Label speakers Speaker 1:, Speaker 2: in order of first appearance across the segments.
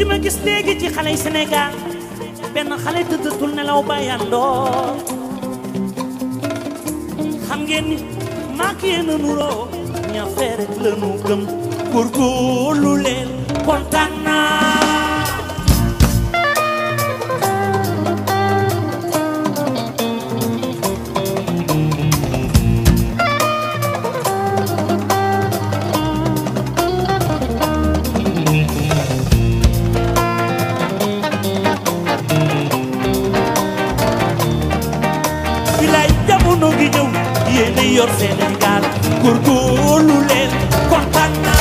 Speaker 1: li ma gis ci xale yi Sénégal benn xale tëddatul nelaw ba yàndoo xam ngeen ni maak yéen a nuroo ña feere la nu gëm leen kontaan naa
Speaker 2: leen yor Sénégal góorgóorlu leen kontaan naa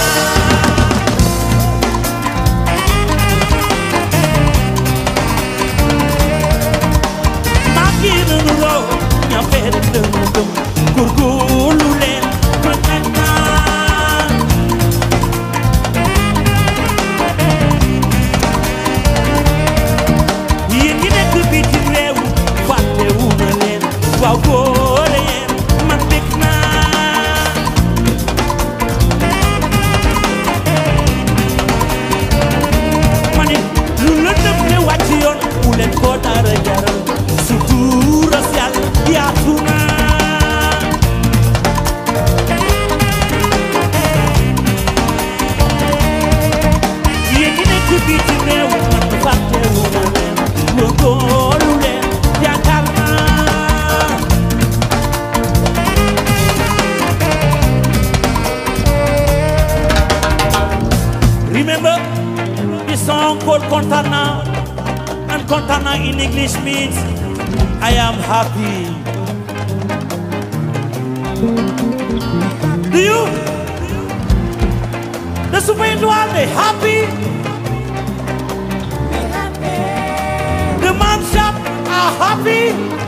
Speaker 3: remember? This song called Contana. And Contana in English means
Speaker 4: I am happy. Do you? The super they happy. happy. The man shop are happy.